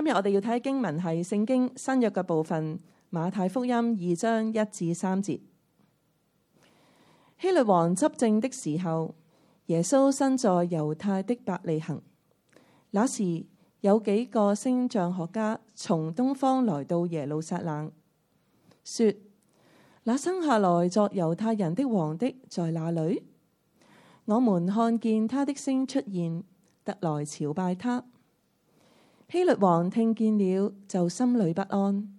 今日我哋要睇經文係聖經新約嘅部分，馬太福音二章一至三節。希律王執政的時候，耶穌生在猶太的伯利恒。那時有幾個星象學家從東方來到耶路撒冷，說：那生下來作猶太人的王的在哪裏？我們看見他的星出現，特來朝拜他。希律王聽見了，就心裏不安。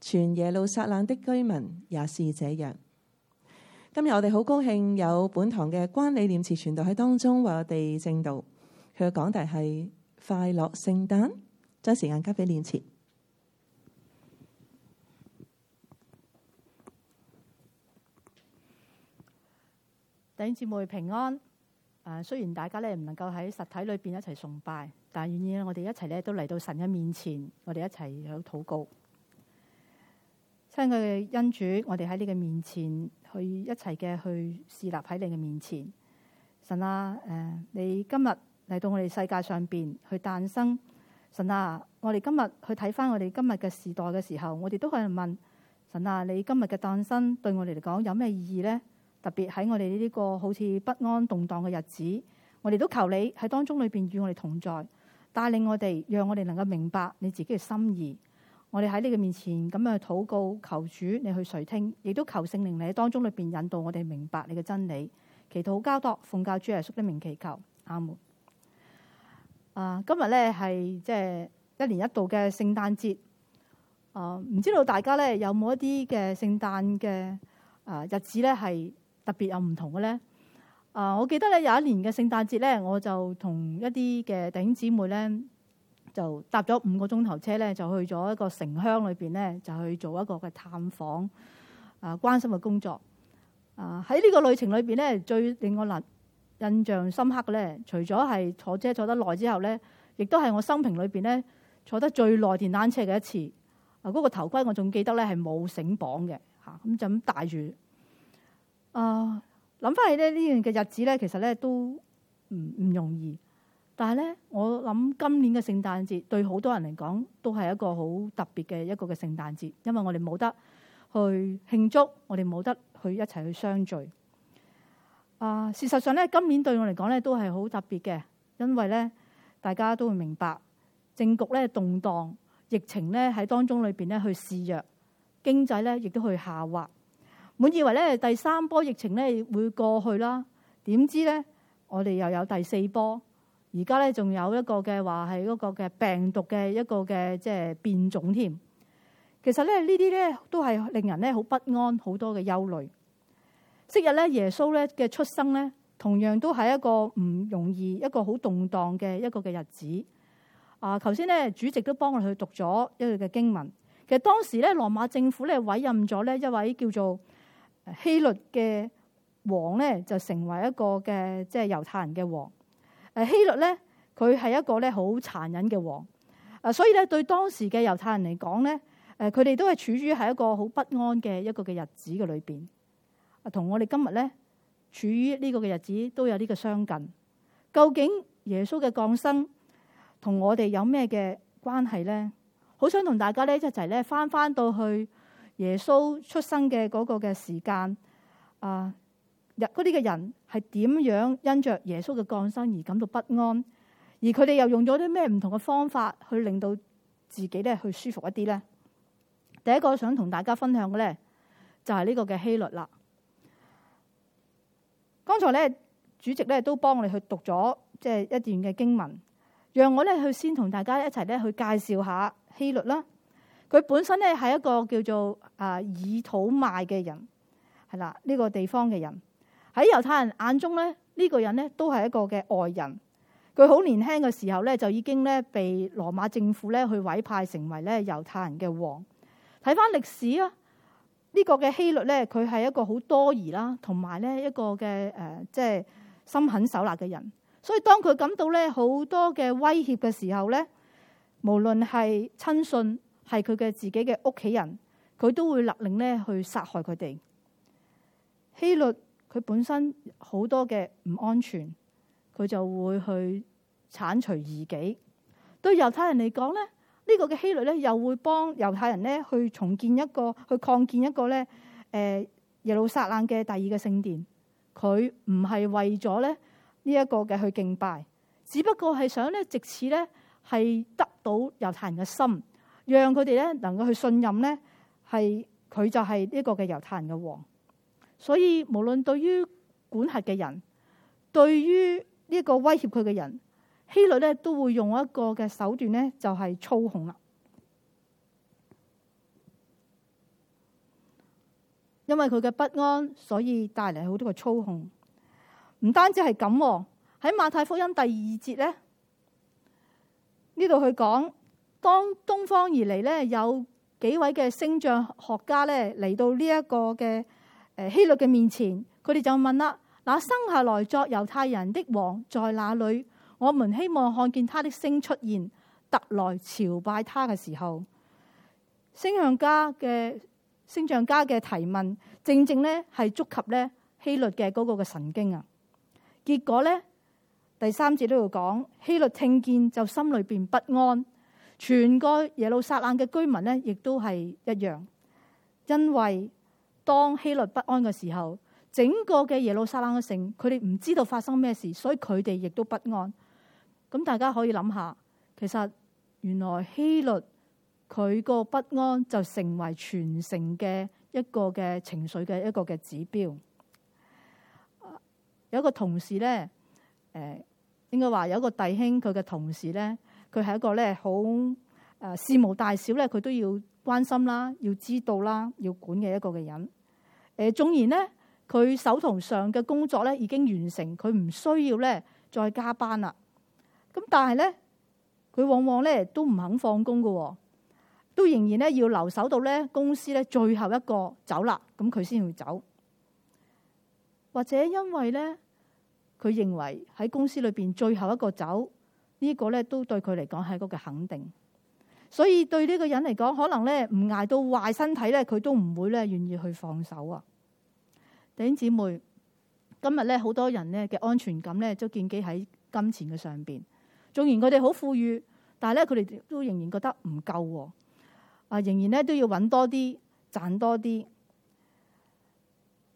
全耶路撒冷的居民也是這樣。今日我哋好高興有本堂嘅關理念詞傳道喺當中為我哋證道。佢嘅講題係快樂聖誕，將時間交俾念詞。弟兄姊妹平安。啊，雖然大家咧唔能夠喺實體裏邊一齊崇拜，但願意我哋一齊咧都嚟到神嘅面前，我哋一齊去禱告，親愛嘅恩主，我哋喺你嘅面前去一齊嘅去事立喺你嘅面前。神啊，誒，你今日嚟到我哋世界上邊去誕生，神啊，我哋今日去睇返我哋今日嘅時代嘅時候，我哋都可以問神啊，你今日嘅誕生對我哋嚟講有咩意義咧？特別喺我哋呢個好似不安動蕩嘅日子，我哋都求你喺當中裏邊與我哋同在，帶領我哋，讓我哋能夠明白你自己嘅心意。我哋喺你嘅面前咁樣去禱告，求主你去垂聽，亦都求聖靈你喺當中裏邊引導我哋明白你嘅真理。祈禱交託奉教主耶穌的名祈求阿門。啊，今日呢係即係一年一度嘅聖誕節。啊，唔知道大家呢有冇一啲嘅聖誕嘅啊日子呢係？特別有唔同嘅咧，啊！我記得咧有一年嘅聖誕節咧，我就同一啲嘅弟兄姊妹咧，就搭咗五個鐘頭車咧，就去咗一個城鄉裏邊咧，就去做一個嘅探訪啊，關心嘅工作啊！喺呢個旅程裏邊咧，最令我難印象深刻嘅咧，除咗係坐車坐得耐之後咧，亦都係我生平裏邊咧坐得最耐電單車嘅一次。嗰、啊那個頭盔我仲記得咧係冇繩綁嘅，嚇、啊、咁就咁戴住。啊，諗翻起咧呢呢段嘅日子呢其實呢都唔唔容易。但係呢，我諗今年嘅聖誕節對好多人嚟講都係一個好特別嘅一個嘅聖誕節，因為我哋冇得去慶祝，我哋冇得去一齊去相聚。啊，事實上呢，今年對我嚟講呢都係好特別嘅，因為呢大家都會明白政局呢動盪，疫情呢喺當中裏邊呢去肆虐，經濟呢亦都去下滑。滿以為咧第三波疫情咧會過去啦，點知咧我哋又有第四波，而家咧仲有一個嘅話係嗰個嘅病毒嘅一個嘅即係變種添。其實咧呢啲咧都係令人咧好不安，好多嘅憂慮。昔日咧耶穌咧嘅出生咧，同樣都係一個唔容易、一個好動蕩嘅一個嘅日子。啊，頭先咧主席都幫我哋去讀咗一個嘅經文。其實當時咧羅馬政府咧委任咗咧一位叫做希律嘅王咧就成為一個嘅即係猶太人嘅王。誒，希律咧佢係一個咧好殘忍嘅王。誒，所以咧對當時嘅猶太人嚟講咧，誒佢哋都係處於喺一個好不安嘅一個嘅日子嘅裏邊。啊，同我哋今日咧處於呢個嘅日子都有呢個相近。究竟耶穌嘅降生同我哋有咩嘅關係咧？好想同大家咧一齊咧翻翻到去。耶穌出生嘅嗰個嘅時間啊，嗰啲嘅人係點樣因着耶穌嘅降生而感到不安？而佢哋又用咗啲咩唔同嘅方法去令到自己咧去舒服一啲呢？第一個我想同大家分享嘅咧就係呢個嘅希律啦。剛才咧主席咧都幫我哋去讀咗即係一段嘅經文，讓我咧去先同大家一齊咧去介紹下希律啦。佢本身咧係一個叫做啊以土賣嘅人，係啦呢個地方嘅人喺猶太人眼中咧，呢、這個人咧都係一個嘅外人。佢好年輕嘅時候咧，就已經咧被羅馬政府咧去委派成為咧猶太人嘅王。睇返歷史啊，呢個嘅希律咧，佢係一個好多疑啦，同埋咧一個嘅誒、呃，即係心狠手辣嘅人。所以當佢感到咧好多嘅威脅嘅時候咧，無論係親信，係佢嘅自己嘅屋企人，佢都會勒令咧去殺害佢哋。希律，佢本身好多嘅唔安全，佢就會去剷除異己。對猶太人嚟講咧，呢個嘅希律咧又會幫猶太人咧去重建一個去擴建一個咧。誒耶路撒冷嘅第二個聖殿，佢唔係為咗咧呢一個嘅去敬拜，只不過係想咧藉此咧係得到猶太人嘅心。讓佢哋咧能夠去信任咧，係佢就係呢個嘅猶太人嘅王。所以無論對於管轄嘅人，對於呢個威脅佢嘅人，希律咧都會用一個嘅手段咧，就係操控啦。因為佢嘅不安，所以帶嚟好多嘅操控。唔單止係咁喎，喺馬太福音第二節咧，呢度去講。當東方而嚟，咧，有幾位嘅星象學家咧嚟到呢一個嘅誒希律嘅面前，佢哋就問啦：嗱，生下來作猶太人的王在哪裏？我們希望看見他的星出現，特來朝拜他。嘅時候，星象家嘅星象家嘅提問，正正咧係觸及咧希律嘅嗰個嘅神經啊。結果咧，第三節都要講，希律聽見就心裏邊不安。全個耶路撒冷嘅居民呢，亦都係一樣，因為當希律不安嘅時候，整個嘅耶路撒冷嘅城，佢哋唔知道發生咩事，所以佢哋亦都不安。咁大家可以諗下，其實原來希律佢個不安就成為全城嘅一個嘅情緒嘅一個嘅指標。有個同事呢，應該話有個弟兄佢嘅同事呢。佢係一個咧好誒事無大小咧，佢都要關心啦，要知道啦，要管嘅一個嘅人，誒、呃，縱然咧佢手頭上嘅工作咧已經完成，佢唔需要咧再加班啦。咁但係咧，佢往往咧都唔肯放工嘅，都仍然咧要留守到咧公司咧最後一個走啦，咁佢先會走。或者因為咧，佢認為喺公司裏邊最後一個走。呢個咧都對佢嚟講係一個肯定，所以對呢個人嚟講，可能咧唔捱到壞身體咧，佢都唔會咧願意去放手啊！弟兄姊妹，今日咧好多人咧嘅安全感咧都建基喺金錢嘅上邊，縱然佢哋好富裕，但係咧佢哋都仍然覺得唔夠喎，啊，仍然咧都要搵多啲，賺多啲。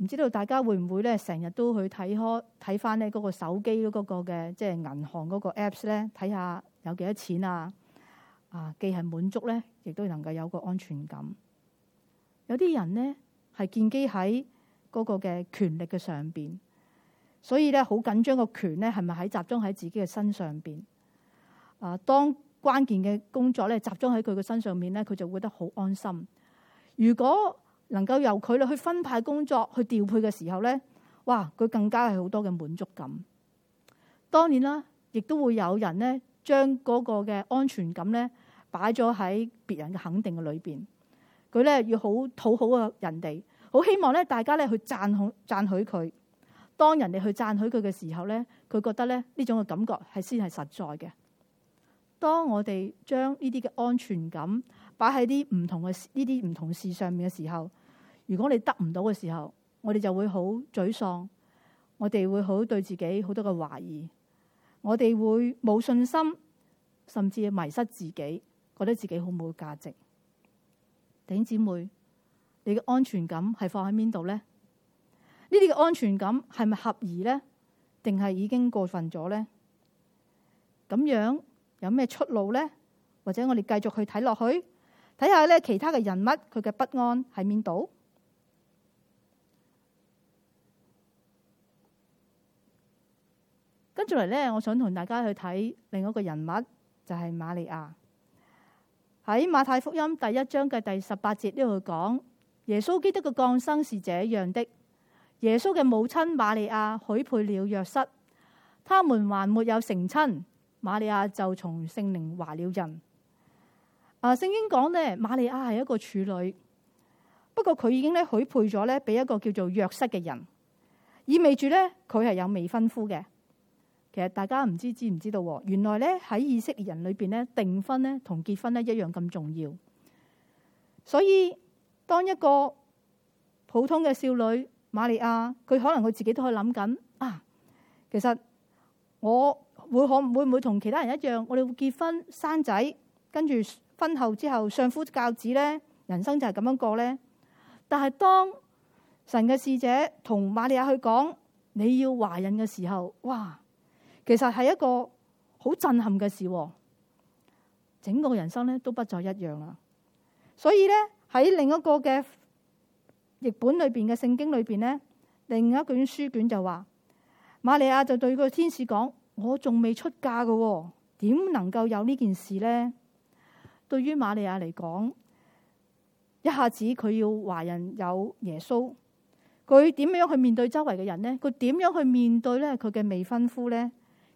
唔知道大家會唔會咧，成日都去睇開睇翻咧嗰個手機嗰個嘅即係銀行嗰個 Apps 咧，睇下有幾多錢啊！啊，既係滿足咧，亦都能夠有個安全感。有啲人咧係建基喺嗰個嘅權力嘅上邊，所以咧好緊張個權咧係咪喺集中喺自己嘅身上邊？啊，當關鍵嘅工作咧集中喺佢嘅身上面咧，佢就會得好安心。如果能夠由佢哋去分派工作、去調配嘅時候呢，哇！佢更加係好多嘅滿足感。當然啦，亦都會有人呢將嗰個嘅安全感呢擺咗喺別人嘅肯定嘅裏邊。佢呢要好討好啊人哋，好希望咧大家咧去讚好讚許佢。當人哋去讚許佢嘅時候呢，佢覺得咧呢種嘅感覺係先係實在嘅。當我哋將呢啲嘅安全感擺喺啲唔同嘅事、呢啲唔同事上面嘅時候，如果你得唔到嘅時候，我哋就會好沮喪，我哋會好對自己好多嘅懷疑，我哋會冇信心，甚至迷失自己，覺得自己好冇價值。弟兄姊妹，你嘅安全感係放喺邊度呢？呢啲嘅安全感係咪合宜呢？定係已經過分咗呢？咁樣有咩出路呢？或者我哋繼續去睇落去，睇下咧其他嘅人物，佢嘅不安喺邊度？跟住嚟呢，我想同大家去睇另外一個人物，就係、是、瑪利亞。喺馬太福音第一章嘅第十八節呢度講，耶穌基督嘅降生是這樣的。耶穌嘅母親瑪利亞許配了約瑟，他們還沒有成親，瑪利亞就從聖靈懷了孕。啊，聖經講呢，瑪利亞係一個處女，不過佢已經咧許配咗咧，俾一個叫做約瑟嘅人，意味住咧佢係有未婚夫嘅。其實大家唔知知唔知道，原來咧喺以色列人裏邊咧訂婚咧同結婚咧一樣咁重要。所以當一個普通嘅少女瑪利亞，佢可能佢自己都去諗緊啊。其實我會可會唔會同其他人一樣，我哋會結婚生仔，跟住婚後之後，相夫教子咧，人生就係咁樣過咧。但係當神嘅使者同瑪利亞去講你要懷孕嘅時候，哇！其實係一個好震撼嘅事、哦，整個人生咧都不再一樣啦。所以咧喺另一個嘅譯本裏邊嘅聖經裏邊咧，另一卷書卷就話，瑪利亞就對個天使講：我仲未出嫁嘅，哦，點能夠有呢件事咧？對於瑪利亞嚟講，一下子佢要懷孕有耶穌，佢點樣去面對周圍嘅人咧？佢點樣去面對咧？佢嘅未婚夫咧？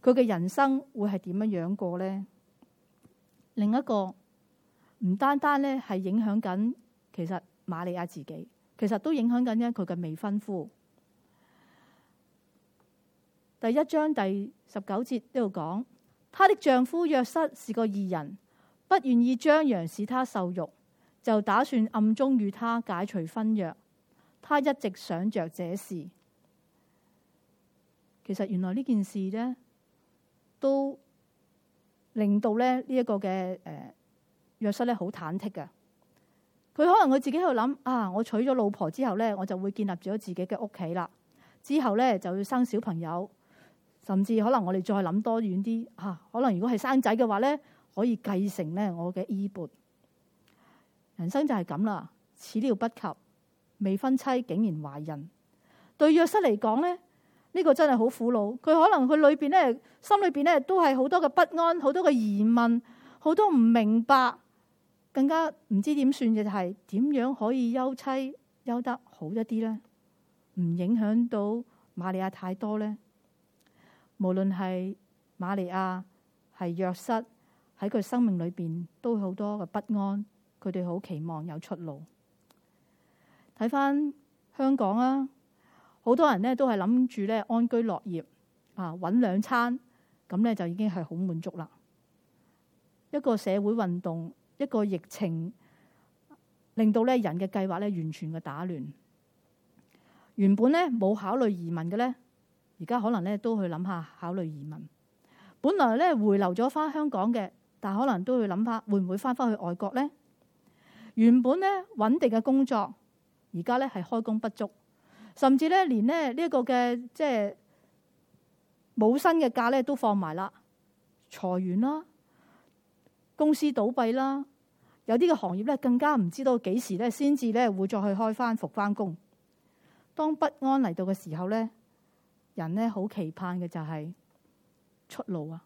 佢嘅人生會係點樣樣過呢？另一個，唔單單咧係影響緊，其實瑪利亞自己其實都影響緊佢嘅未婚夫。第一章第十九節呢度講，他的丈夫約瑟是個義人，不願意張揚使他受辱，就打算暗中與他解除婚約。他一直想着這事，其實原來呢件事呢。都令到咧呢一個嘅，誒約瑟咧好忐忑嘅。佢可能佢自己喺度諗啊，我娶咗老婆之後咧，我就會建立咗自己嘅屋企啦，之後咧就要生小朋友，甚至可能我哋再諗多遠啲吓，啊，可能如果係生仔嘅話咧，可以繼承咧我嘅衣鉢。人生就係咁啦，始料不及，未婚妻竟然懷孕，對約瑟嚟講咧。呢個真係好苦惱，佢可能佢裏邊咧，心裏邊咧都係好多嘅不安，好多嘅疑問，好多唔明白，更加唔知點算嘅就係點樣可以休妻休得好一啲咧，唔影響到瑪利亞太多咧。無論係瑪利亞係約瑟，喺佢生命裏邊都好多嘅不安，佢哋好期望有出路。睇返香港啊！好多人咧都係諗住咧安居樂業啊，搵兩餐咁咧就已經係好滿足啦。一個社會運動，一個疫情，令到咧人嘅計劃咧完全嘅打亂。原本咧冇考慮移民嘅咧，而家可能咧都去諗下考慮移民。本來咧回流咗翻香港嘅，但可能都去諗下會唔會翻返去外國咧？原本咧穩定嘅工作，而家咧係開工不足。甚至咧，連咧呢一個嘅即係冇薪嘅假咧，都放埋啦，裁員啦，公司倒閉啦，有啲嘅行業咧更加唔知道幾時咧先至咧會再去開翻復翻工。當不安嚟到嘅時候咧，人咧好期盼嘅就係出路啊！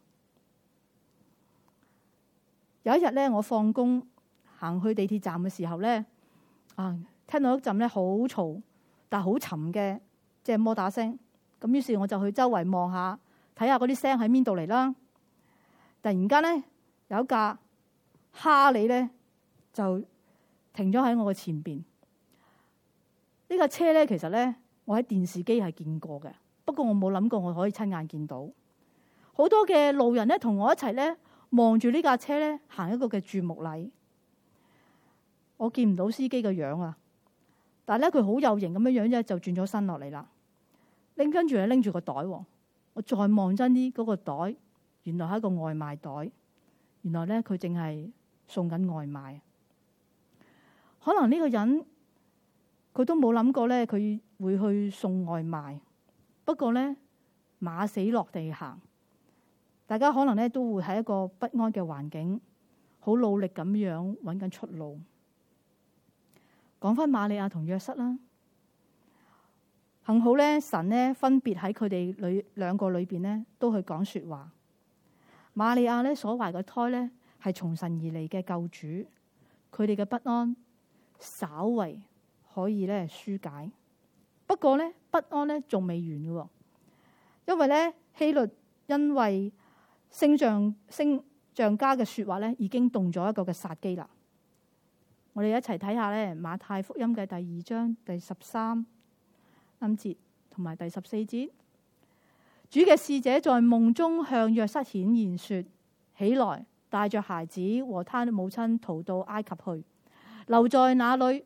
有一日咧，我放工行去地鐵站嘅時候咧，啊，聽到一陣咧好嘈。但係好沉嘅，即係摩打聲，咁於是我就去周圍望下，睇下嗰啲聲喺邊度嚟啦。突然間呢，有一架哈利呢，就停咗喺我嘅前邊。呢架車呢，其實呢，我喺電視機係見過嘅，不過我冇諗過我可以親眼見到。好多嘅路人呢，同我一齊呢，望住呢架車呢，行一個嘅注目禮。我見唔到司機嘅樣啊！但係咧佢好有型咁樣樣啫，就轉咗身落嚟啦。拎跟住咧拎住個袋，我再望真啲嗰個袋，原來係一個外賣袋。原來咧佢淨係送緊外賣。可能呢個人佢都冇諗過咧，佢會去送外賣。不過咧，馬死落地行，大家可能咧都會喺一個不安嘅環境，好努力咁樣揾緊出路。講返瑪利亞同約瑟啦，幸好咧神咧分別喺佢哋里兩個裏邊咧都去講說話。瑪利亞咧所懷嘅胎咧係從神而嚟嘅，救主，佢哋嘅不安稍為可以咧紓解。不過咧不安咧仲未完嘅，因為咧希律因為星象星象家嘅說話咧已經動咗一個嘅殺機啦。我哋一齊睇下咧《馬太福音》嘅第二章第十三,三節同埋第十四節，主嘅使者在夢中向約瑟顯現說：起來，帶着孩子和他母親逃到埃及去，留在那裏，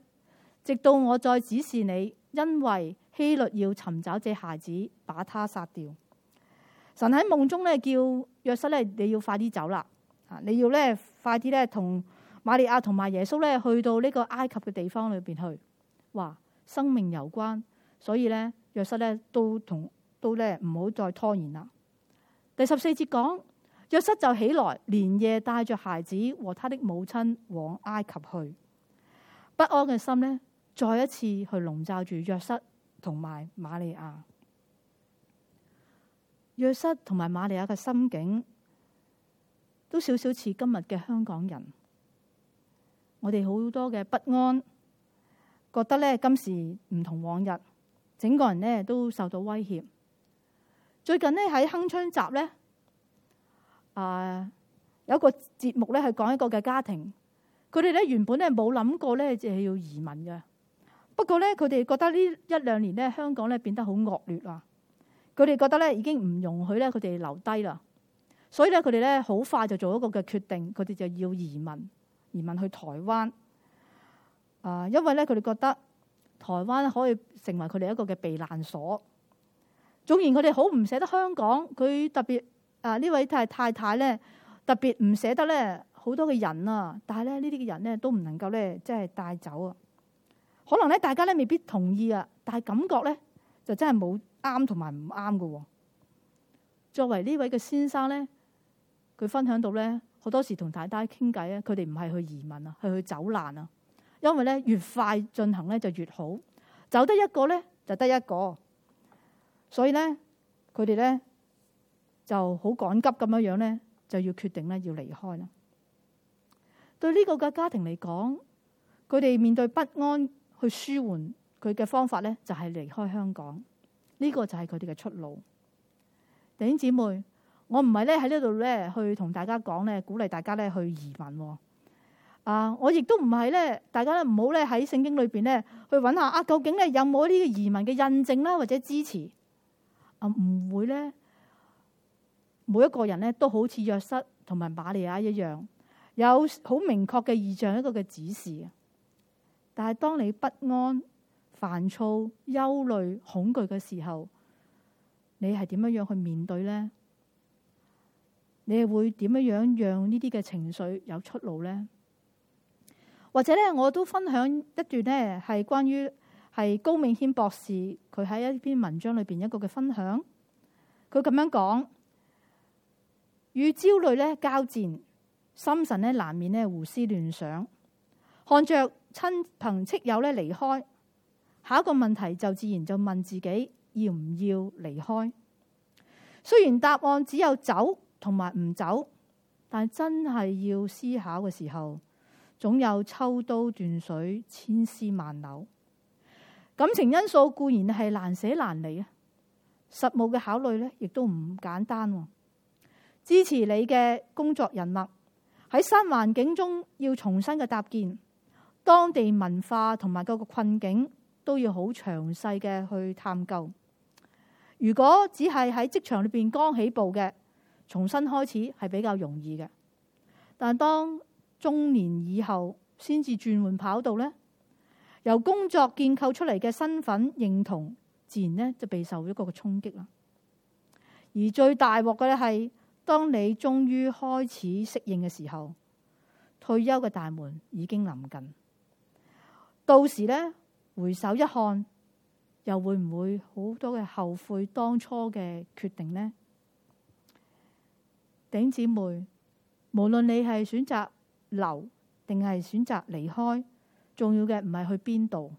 直到我再指示你，因為希律要尋找這孩子，把他殺掉。神喺夢中咧叫約瑟咧，你要快啲走啦，你要咧快啲咧同。瑪利亞同埋耶穌咧，去到呢個埃及嘅地方裏邊去，話生命攸關，所以呢，約瑟咧都同都咧唔好再拖延啦。第十四節講，約瑟就起來，連夜帶着孩子和他的母親往埃及去。不安嘅心呢，再一次去籠罩住約瑟同埋瑪利亞。約瑟同埋瑪利亞嘅心境都少少似今日嘅香港人。我哋好多嘅不安，覺得咧今時唔同往日，整個人咧都受到威脅。最近呢喺《鏗鏘集》咧，啊有一個節目咧係講一個嘅家庭，佢哋咧原本咧冇諗過咧即係要移民嘅，不過咧佢哋覺得呢一兩年咧香港咧變得好惡劣啦，佢哋覺得咧已經唔容許咧佢哋留低啦，所以咧佢哋咧好快就做一個嘅決定，佢哋就要移民。移民去台灣啊，因為咧佢哋覺得台灣可以成為佢哋一個嘅避難所。縱然佢哋好唔捨得香港，佢特別啊呢位太太咧特別唔捨得咧好多嘅人啊，但係咧呢啲嘅人咧都唔能夠咧即係帶走啊。可能咧大家咧未必同意啊，但係感覺咧就真係冇啱同埋唔啱嘅。作為呢位嘅先生咧，佢分享到咧。好多時同太太傾偈咧，佢哋唔係去移民，啊，係去走難啊。因為咧越快進行咧就越好，走得一個咧就得一個，所以咧佢哋咧就好趕急咁樣樣咧就要決定咧要離開啦。對呢個嘅家庭嚟講，佢哋面對不安去舒緩佢嘅方法咧就係離開香港，呢個就係佢哋嘅出路。弟兄姊妹。我唔係咧喺呢度咧去同大家講咧鼓勵大家咧去移民啊！我亦都唔係咧，大家咧唔好咧喺聖經裏邊咧去揾下啊，究竟咧有冇呢個移民嘅印證啦或者支持啊？唔會咧，每一個人咧都好似約瑟同埋瑪利亞一樣，有好明確嘅異象一個嘅指示。但係當你不安、煩躁、憂慮、恐懼嘅時候，你係點樣樣去面對咧？你會點樣樣讓呢啲嘅情緒有出路呢？或者呢，我都分享一段呢，係關於係高明軒博士佢喺一篇文章裏面一個嘅分享。佢咁樣講，與焦慮交戰，心神呢難免胡思亂想，看着親朋戚友呢離開，下一個問題就自然就問自己要唔要離開？雖然答案只有走，同埋唔走，但真係要思考嘅時候，總有抽刀斷水，千絲萬縷。感情因素固然係難捨難離啊，實務嘅考慮呢亦都唔簡單。支持你嘅工作人脈喺新環境中要重新嘅搭建，當地文化同埋各個困境都要好詳細嘅去探究。如果只係喺職場裏邊剛起步嘅，重新開始係比較容易嘅，但當中年以後先至轉換跑道呢，由工作建構出嚟嘅身份認同，自然呢，就備受了一個嘅衝擊啦。而最大鑊嘅咧係，當你終於開始適應嘅時候，退休嘅大門已經臨近，到時呢，回首一看，又會唔會好多嘅後悔當初嘅決定呢？兄姐妹，無論你係選擇留定係選擇離開，重要嘅唔係去邊度，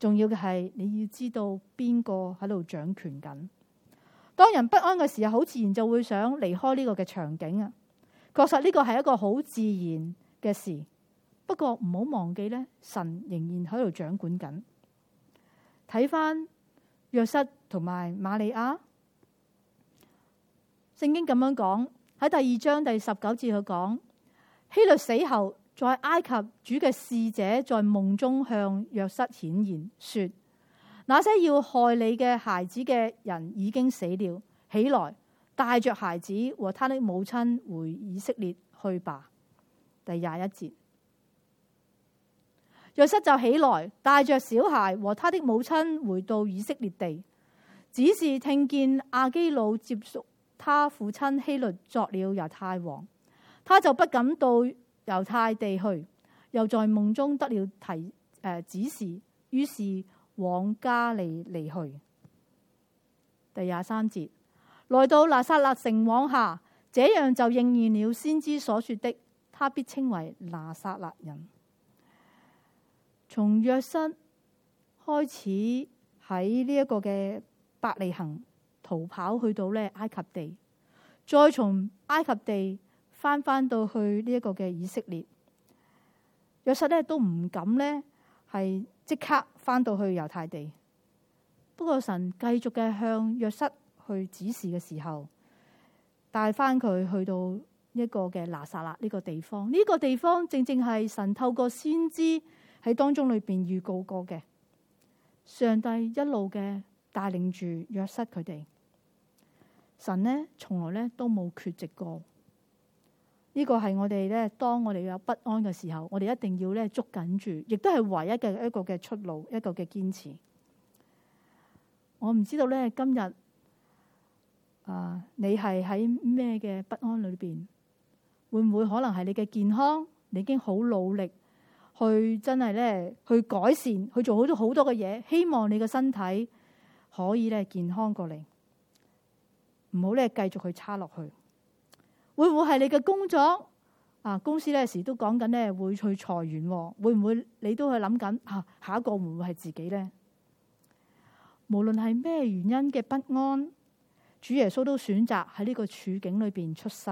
重要嘅係你要知道邊個喺度掌權緊。當人不安嘅時候，好自然就會想離開呢個嘅場景啊！確實呢個係一個好自然嘅事，不過唔好忘記呢，神仍然喺度掌管緊。睇翻約瑟同埋瑪利亞，聖經咁樣講。喺第二章第十九節佢講，希律死後，在埃及主嘅使者在夢中向約瑟顯現說那些要害你嘅孩子嘅人已經死了，起來帶着孩子和他的母親回以色列去吧。第廿一節，約瑟就起來，帶着小孩和他的母親回到以色列地，只是聽見亞基老接續。他父親希律作了猶太王，他就不敢到猶太地去，又在夢中得了提誒、呃、指示，於是往加利利去。第廿三節，來到拿撒勒城往下，這樣就應驗了先知所說的，他必稱為拿撒勒人。從約瑟開始喺呢一個嘅百里行。逃跑去到咧埃及地，再從埃及地翻翻到去呢一個嘅以色列，約瑟咧都唔敢咧係即刻翻到去猶太地。不過神繼續嘅向約瑟去指示嘅時候，帶翻佢去到一個嘅拿撒勒呢個地方。呢個地方正正係神透過先知喺當中裏邊預告過嘅。上帝一路嘅帶領住約瑟佢哋。神呢，從來咧都冇缺席過，呢個係我哋咧當我哋有不安嘅時候，我哋一定要咧捉緊住，亦都係唯一嘅一個嘅出路，一個嘅堅持。我唔知道咧今日啊，你係喺咩嘅不安裏邊？會唔會可能係你嘅健康？你已經好努力去真係咧去改善，去做好多好多嘅嘢，希望你嘅身體可以咧健康過嚟。唔好咧，繼續去差落去，會唔會係你嘅工作啊？公司咧時都講緊咧會去裁員，會唔會你都去諗緊吓下一個會唔會係自己呢？無論係咩原因嘅不安，主耶穌都選擇喺呢個處境裏邊出世，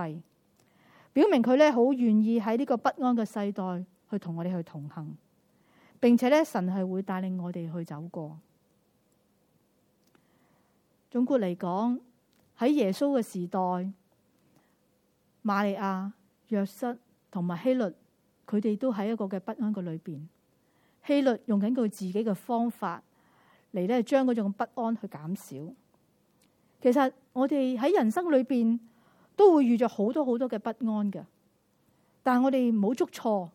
表明佢咧好願意喺呢個不安嘅世代去同我哋去同行，並且咧神係會帶領我哋去走過。總括嚟講。喺耶穌嘅時代，瑪利亞、約瑟同埋希律，佢哋都喺一個嘅不安嘅裏邊。希律用緊佢自己嘅方法嚟，咧，來將嗰種不安去減少。其實我哋喺人生裏邊都會遇著好多好多嘅不安嘅，但我哋唔好捉錯，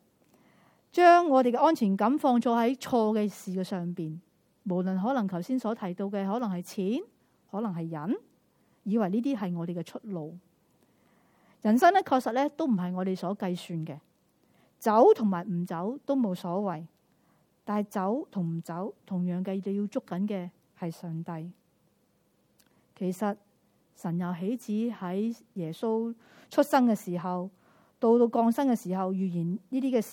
將我哋嘅安全感放在錯喺錯嘅事嘅上邊。無論可能頭先所提到嘅，可能係錢，可能係人。以為呢啲係我哋嘅出路，人生呢確實呢都唔係我哋所計算嘅，走同埋唔走都冇所謂，但係走同唔走同樣嘅，要捉緊嘅係上帝。其實神又豈止喺耶穌出生嘅時候到到降生嘅時候預言呢啲嘅事？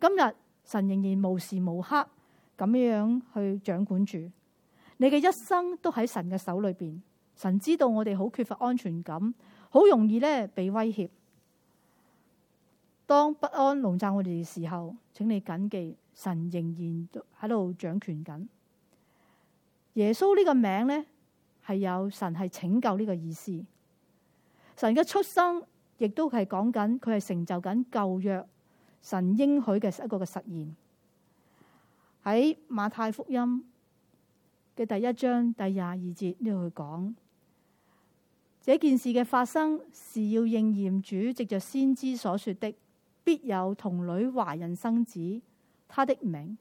今日神仍然無時無刻咁樣去掌管住你嘅一生，都喺神嘅手裏邊。神知道我哋好缺乏安全感，好容易咧，被威脅。當不安籠罩我哋嘅時候，請你謹記，神仍然喺度掌權緊。耶穌呢個名呢，係有神係拯救呢個意思。神嘅出生亦都係講緊佢係成就緊舊約神應許嘅一個嘅實現。喺馬太福音嘅第一章第廿二節呢度去講。這件事嘅發生是要應驗主藉著先知所說的，必有童女懷孕生子，他的名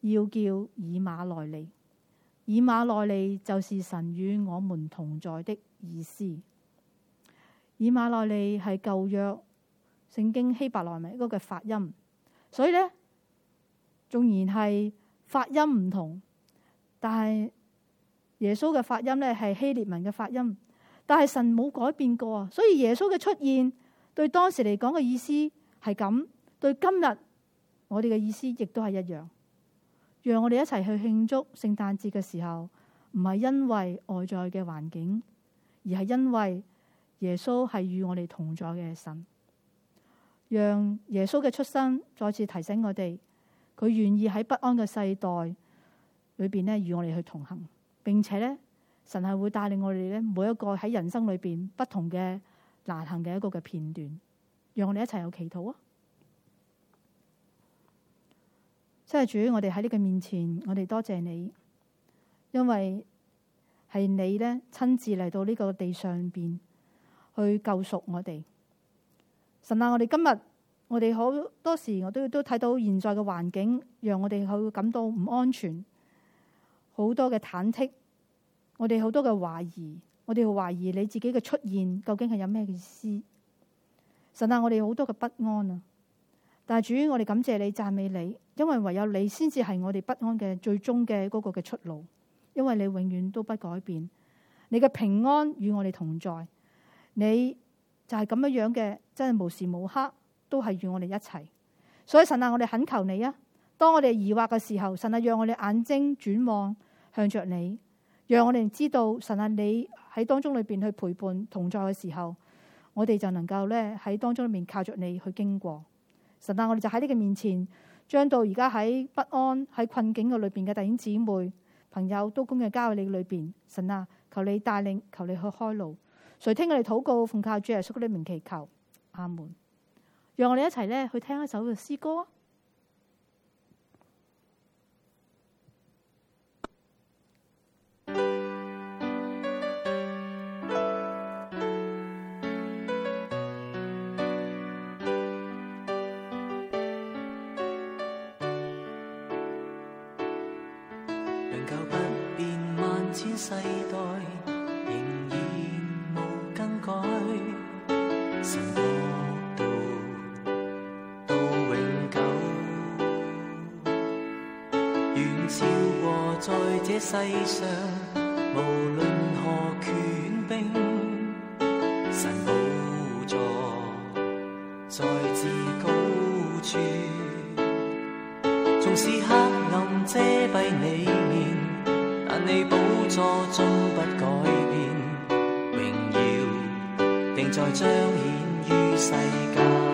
要叫以馬內利。以馬內利就是神與我們同在的意思。以馬內利係舊約聖經希伯來文嗰個發音，所以呢，縱然係發音唔同，但係耶穌嘅發音呢，係希列文嘅發音。但係神冇改變過啊，所以耶穌嘅出現對當時嚟講嘅意思係咁，對今日我哋嘅意思亦都係一樣。讓我哋一齊去慶祝聖誕節嘅時候，唔係因為外在嘅環境，而係因為耶穌係與我哋同在嘅神。讓耶穌嘅出生再次提醒我哋，佢願意喺不安嘅世代裏邊咧，與我哋去同行，並且呢。神係會帶領我哋咧，每一個喺人生裏邊不同嘅難行嘅一個嘅片段，讓我哋一齊有祈禱啊！真係主，我哋喺呢個面前，我哋多謝你，因為係你咧親自嚟到呢個地上邊去救贖我哋。神啊，我哋今日我哋好多時，我都都睇到現在嘅環境，讓我哋去感到唔安全，好多嘅忐忑。我哋好多嘅懷疑，我哋好懷疑你自己嘅出現究竟係有咩意思？神啊，我哋好多嘅不安啊！但係主，我哋感謝你，讚美你，因為唯有你先至係我哋不安嘅最終嘅嗰個嘅出路。因為你永遠都不改變，你嘅平安與我哋同在。你就係咁樣樣嘅，真係無時無刻都係與我哋一齊。所以神啊，我哋懇求你啊，當我哋疑惑嘅時候，神啊，讓我哋眼睛轉望，向着你。讓我哋知道神啊，你喺當中裏邊去陪伴同在嘅時候，我哋就能夠咧喺當中裏面，靠着你去經過。神啊，我哋就喺你嘅面前，將到而家喺不安、喺困境嘅裏邊嘅弟兄姊妹、朋友都公嘅交喺你裏邊。神啊，求你帶領，求你去開路。垂聽我哋禱告，奉靠主耶穌嘅名祈求，阿門。讓我哋一齊咧去聽一首嘅詩歌。世代仍然無更改，神寶座到永久。願照我在這世上，無論何權柄，神寶座在至高處。縱使黑暗遮蔽你面，但初衷不改變，榮耀定在彰顯於世界。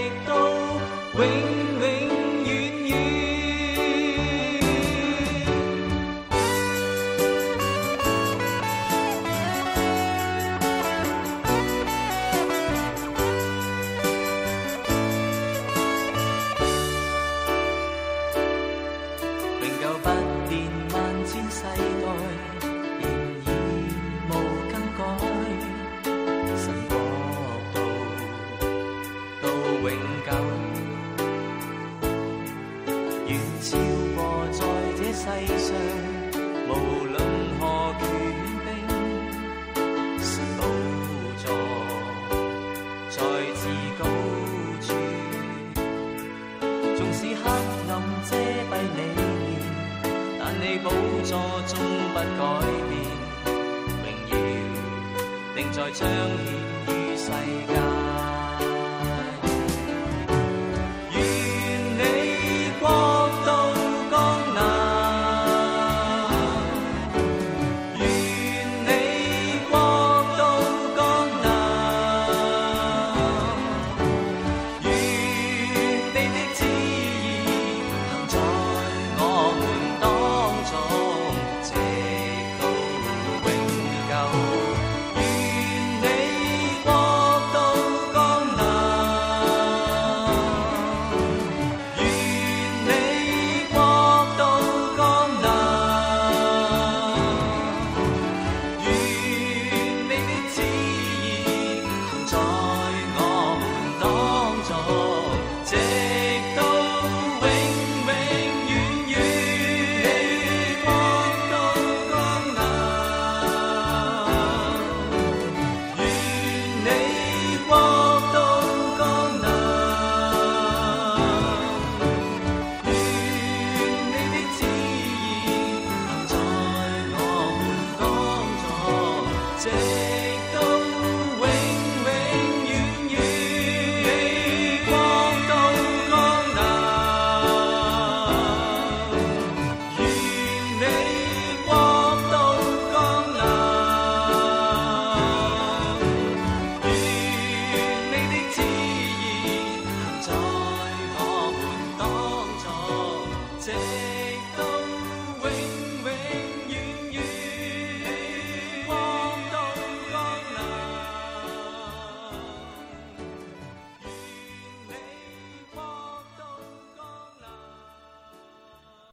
彰顯於世間。